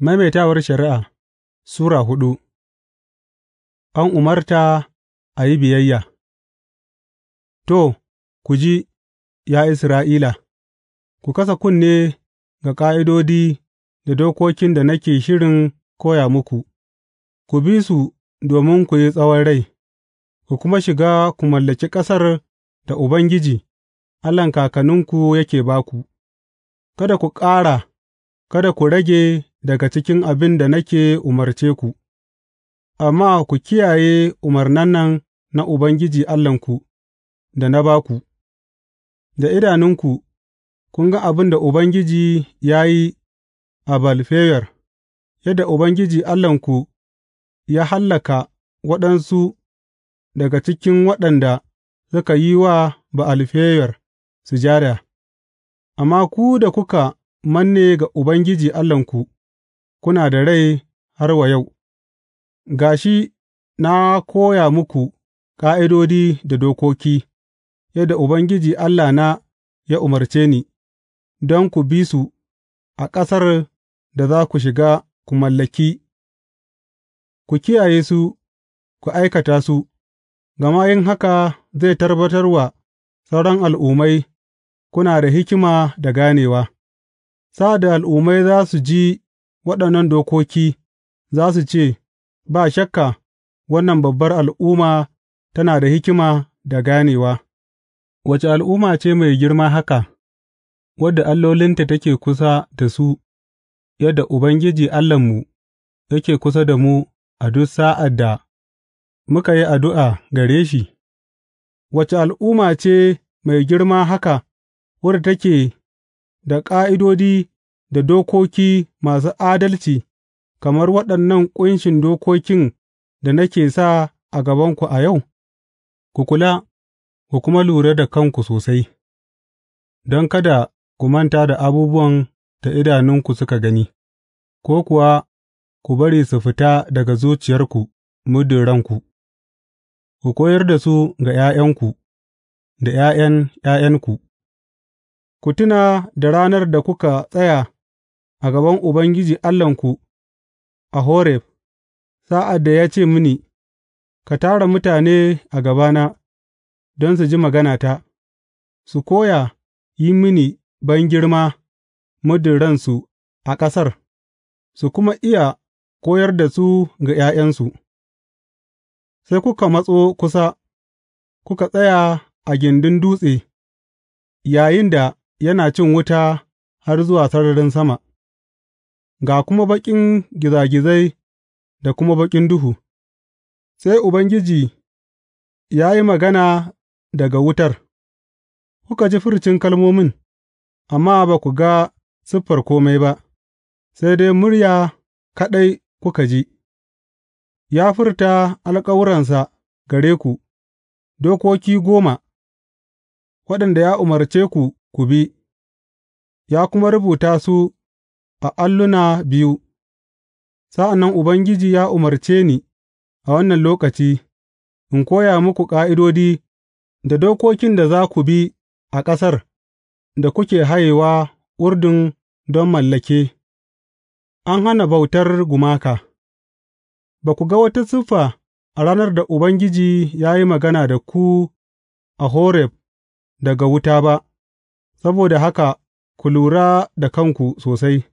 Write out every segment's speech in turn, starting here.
Maimaitawar Shari'a Sura hudu An umarta a yi biyayya To, ku ji, ya Isra'ila, ku kasa kunne ga ƙa'idodi da dokokin da nake shirin koya muku, ku bi su domin ku yi tsawon rai, ku kuma shiga ku mallaki ƙasar da Ubangiji, Allahn kakanninku yake ba ku, kada ku ƙara, kada ku rage daga cikin abin da nake umarce ku, amma ku kiyaye umarnan nan na Ubangiji Allahnku da na ba ku, da idanunku kun ga abin da Ubangiji ya yi a Balfeyar, yadda Ubangiji Allahnku ya hallaka waɗansu daga cikin waɗanda suka yi wa Ba'alfeyar sujada, amma ku da kuka manne ga Ubangiji Allahnku. kuna da rai har wa yau, ga shi na koya muku ƙa'idodi da dokoki, yadda Ubangiji Allahna ya umarce ni, don ku bi su a ƙasar da za ku shiga ku mallaki, ku kiyaye su, ku aikata su, gama yin haka zai tabbatar wa sauran al'ummai kuna da hikima da ganewa, sa'ad da al'ummai za su ji waɗannan dokoki, za su ce, Ba shakka wannan babbar al'umma tana da hikima da ganewa, wace al'umma ce mai girma haka, wadda allolinta take kusa da su, yadda Ubangiji Allahnmu yake kusa da mu a duk sa'ad da muka yi addu'a gare shi, wace al'umma ce mai girma haka wadda take da ƙa'idodi da dokoki masu adalci kamar waɗannan ƙunshin dokokin da nake sa a gabanku a yau? Ku kula, ku kuma lura da kanku sosai, don kada ku manta da abubuwan da idanunku suka gani, ko kuwa ku bari su fita daga zuciyarku muddin ranku, ku koyar da su ga ’ya'yanku da ’ya'yan ’ya'yanku, ku tuna da ranar da kuka tsaya. a gaban Ubangiji Allahnku a Horeb, sa'ad da ya ce mini, Ka tara mutane a gabana don su ji maganata, su koya yi mini bangirma muddin ransu a ƙasar, su kuma iya koyar da su ga ’ya'yansu, sai kuka matso kusa, kuka tsaya a gindin dutse yayin da yana cin wuta har zuwa sararin sama. ga kuma baƙin gizagizai da kuma baƙin duhu, sai Ubangiji ya yi magana daga wutar, kuka ji furcin kalmomin, amma ba ku ga siffar kome ba, sai dai murya kaɗai kuka ji, ya furta alkawuransa gare ku, dokoki goma, waɗanda ya umarce ku ku bi, ya kuma rubuta su. a alluna biyu, sa'an nan Ubangiji ya umarce ni a wannan lokaci, in koya muku ƙa'idodi da dokokin da za ku bi a ƙasar da kuke hayewa Urdun don mallake, an hana bautar gumaka Ba ku ga wata siffa a ranar da Ubangiji ya yi magana da ku a Horeb daga wuta ba, saboda haka ku lura da kanku sosai.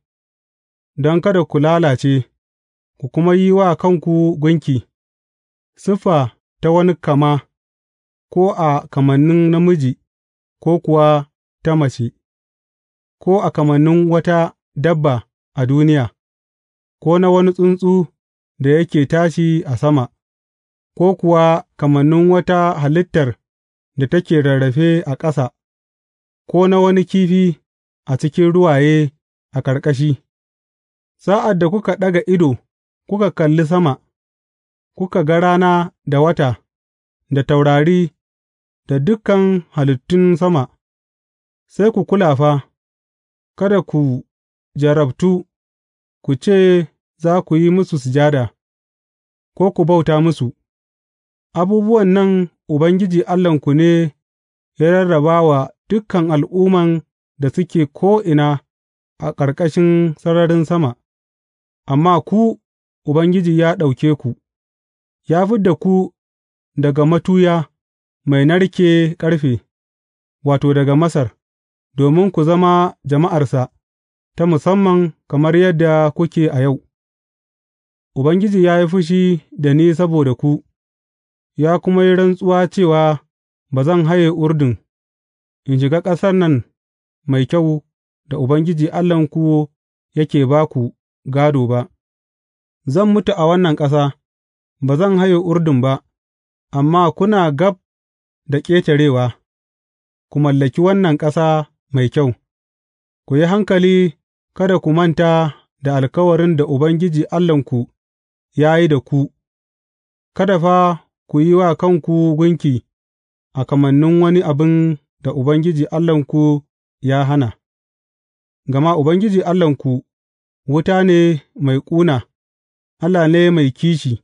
don kada ku lalace, ku kuma yi wa kanku gunki, siffa ta wani kama, ko a kamannin namiji, ko kuwa ta mace, ko a kamannin wata dabba a duniya, ko na wani tsuntsu da yake tashi a sama, ko kuwa kamannin wata halittar da take rarrafe a ƙasa, ko na wani kifi a cikin ruwaye a ƙarƙashi. Sa'ad da kuka ɗaga ido kuka kalli sama, kuka ga rana da wata, da taurari, da dukan halittun sama, sai ku kula fa, kada ku jarabtu ku ce za ku yi musu sujada, ko ku bauta musu, abubuwan nan Ubangiji Allahnku ne ya rarraba wa dukan al'umman da suke ko'ina a ƙarƙashin sararin sama. Amma ku, Ubangiji ya ɗauke ku; ya fid da ku daga matuya mai narke ƙarfe, wato, daga Masar, domin ku zama jama'arsa ta musamman kamar yadda kuke a yau, Ubangiji ya yi fushi da ni saboda ku, ya kuma yi rantsuwa cewa ba zan haye Urdun in shiga ƙasar nan mai kyau da Ubangiji Allahnku yake ba ku. gādo ba, zan mutu a wannan ƙasa, ba zan haye Urdun ba, amma kuna gab da ƙetarewa, ku mallaki wannan ƙasa mai kyau, ku yi hankali kada ku manta da alkawarin da Ubangiji Allahnku ya yi da ku, kada fa ku yi wa kanku gunki a kamannin wani abin da Ubangiji Allahnku ya hana, gama Ubangiji Allahnku wuta ne mai ƙuna, Allah ne mai kishi,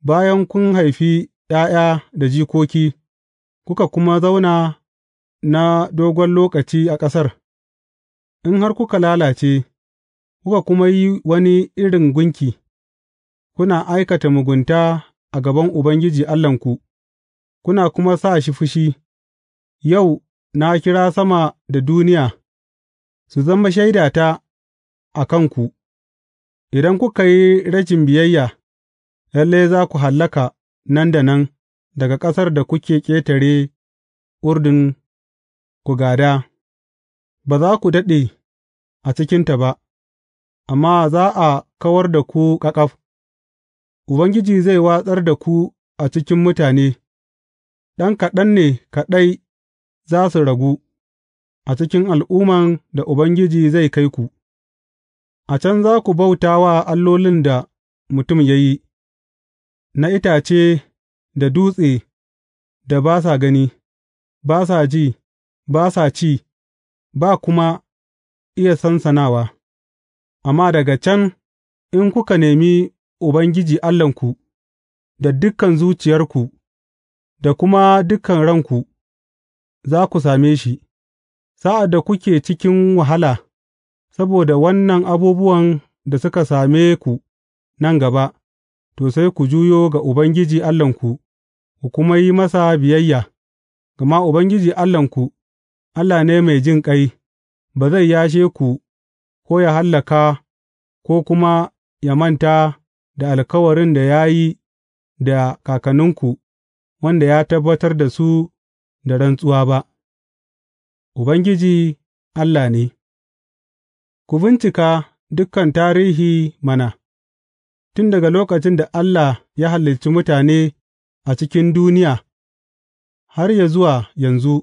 bayan kun haifi ’ya'ya da jikoki, kuka kuma zauna na dogon lokaci a ƙasar, in har kuka lalace, kuka kuma yi wani irin gunki, kuna aikata mugunta a gaban Ubangiji Allahnku, kuna kuma sa shi fushi, yau na kira sama da duniya su zama shaidata a kanku, idan kuka yi rashin biyayya, lalle za ku hallaka nan da nan daga ƙasar da kuke ƙetare Urdun ku gada. ba za ku daɗe a cikinta ba, amma za a kawar da ku ƙaƙaf, Ubangiji zai watsar da ku a cikin mutane, ɗan kaɗan ne kaɗai za su ragu a cikin al'umman da Ubangiji zai kai ku. A can za ku bauta wa allolin da mutum ya yi, na itace da dutse da ba sa gani, ba sa ji, ba sa ci, ba kuma iya sansanawa, amma daga can in kuka nemi Ubangiji Allahnku da dukan zuciyarku da kuma dukan ranku, za ku same shi, sa'ad da kuke cikin wahala. Saboda wannan abubuwan da suka same ku nan gaba, to, sai ku juyo ga Ubangiji Allahnku, ku kuma yi masa biyayya, gama Ubangiji Allahnku, Allah ne mai jinƙai, ba zai yashe ku ko ya hallaka ko kuma ya manta da alkawarin da ya yi da kakanninku, wanda ya tabbatar da su da rantsuwa ba, Ubangiji Allah ne. Ku bincika dukan tarihi mana, tun daga lokacin da Allah ya halicci mutane a cikin duniya har ya zuwa yanzu,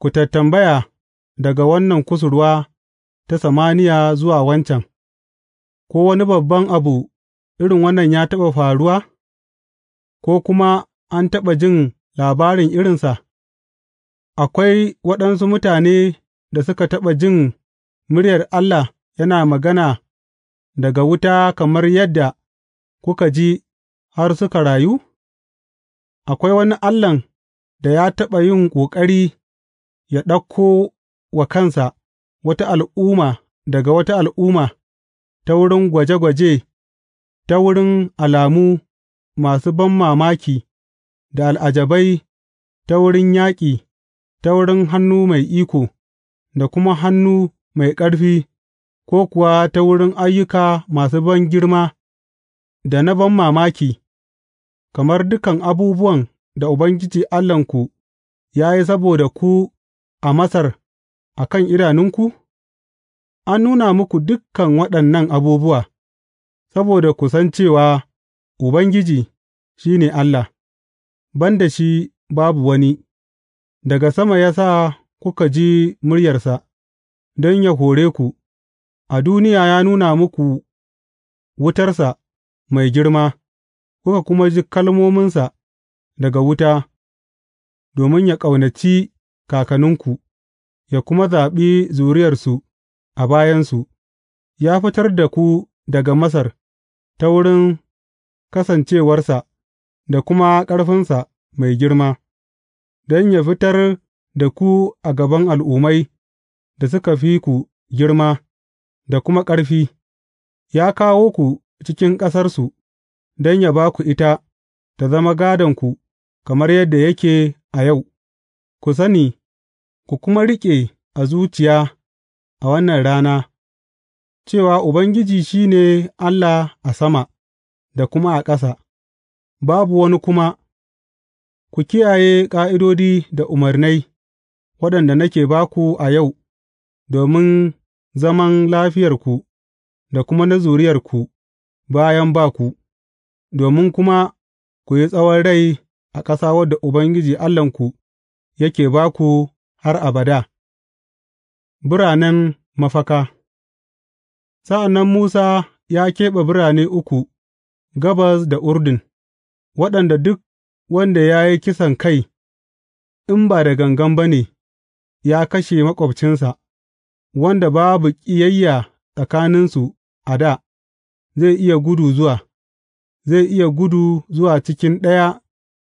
ku tattambaya daga wannan kusurwa ta samaniya zuwa wancan, ko wani babban abu irin wannan ya taɓa faruwa, ko kuma an taɓa jin labarin irinsa, akwai waɗansu mutane da suka taɓa jin muryar Allah yana magana daga wuta kamar yadda kuka ji har suka rayu? Akwai wani Allahn da ya taɓa yin ƙoƙari ya ɗauko wa kansa wata al'umma daga wata al'umma ta wurin gwaje gwaje, ta wurin alamu masu ban mamaki, da al'ajabai, ta wurin yaƙi, ta wurin hannu mai iko, da kuma hannu mai ƙarfi, ko kuwa ta wurin ayyuka masu girma da na banmamaki, kamar dukan abubuwan da Ubangiji Allahnku ya yi saboda ku a Masar a kan idanunku? An nuna muku dukan waɗannan abubuwa, saboda ku san cewa Ubangiji shi ne Allah, ban da shi babu wani, daga sama ya sa kuka ji muryarsa. don yă hore ku, a duniya ya nuna muku wutarsa mai girma, kuka kuma ji kalmominsa daga wuta, domin ya ƙaunaci kakanninku, ya kuma zaɓi zuriyarsu a bayansu, ya fitar da ku daga Masar ta wurin kasancewarsa da kuma ƙarfinsa mai girma, don ya fitar da ku a gaban al'ummai. da suka fi ku girma da kuma ƙarfi, ya kawo ku cikin ƙasarsu don yă ba ku ita ta zama gādonku kamar yadda yake a yau, ku sani, ku kuma riƙe a zuciya a wannan rana, cewa Ubangiji shi ne Allah a sama da kuma a ƙasa, babu wani kuma, ku kiyaye ƙa'idodi da umarnai waɗanda nake ba ku a yau. domin zaman lafiyarku da kuma na zuriyarku bayan ba ku, domin kuma ku yi tsawon rai a ƙasa wadda Ubangiji Allahnku yake ba ku har abada. Biranen mafaka Sa'an nan Musa ya keɓe birane uku gabas da Urdun, waɗanda duk wanda ya yi kisan kai, in ba da gangan ba ne, ya kashe maƙwabcinsa. wanda babu ƙiyayya tsakaninsu a dā, zai iya gudu zuwa, zai iya gudu zuwa cikin ɗaya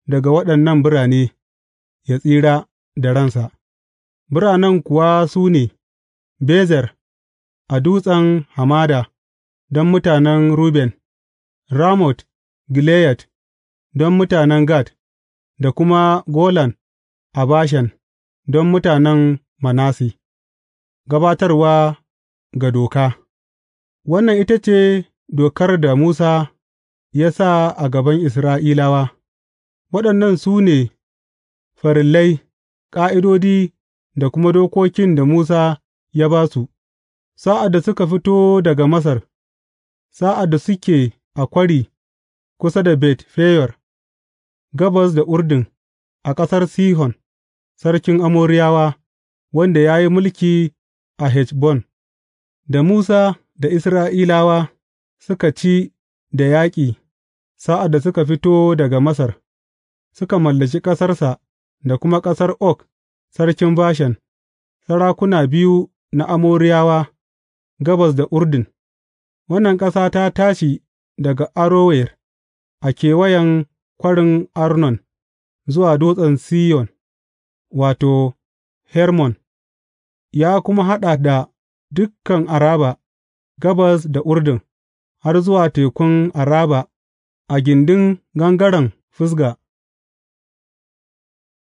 daga waɗannan birane, ya tsira da ransa, biranen kuwa su ne, Bezer a dutsen hamada don mutanen Ruben, Ramot Gileyad don mutanen Gad, da kuma Golan a Bashan don mutanen Manasi. Gabatarwa ga doka Wannan ita ce dokar da Musa ya sa a gaban Isra'ilawa, waɗannan su ne farillai, ƙa'idodi da kuma dokokin da Musa ya ba su, sa'ad da suka fito daga Masar, sa'ad da suke a kwari kusa da Bet Feyor, gabas da Urdun, a ƙasar Sihon, sarkin Amoriyawa, wanda ya yi mulki a Heshbon, da Musa da Isra'ilawa suka ci da yaƙi sa'ad da suka fito daga Masar, suka mallaki ƙasarsa da kuma ƙasar ok sarkin Bashan, sarakuna biyu na Amoriyawa gabas da Urdun, wannan ƙasa ta tashi daga Arower a kewayen kwarin Arnon zuwa Dutsen Siyon, wato, Hermon. ya kuma haɗa da dukan Araba, gabas da Urdun, har zuwa tekun Araba a gindin gangaren Fisga.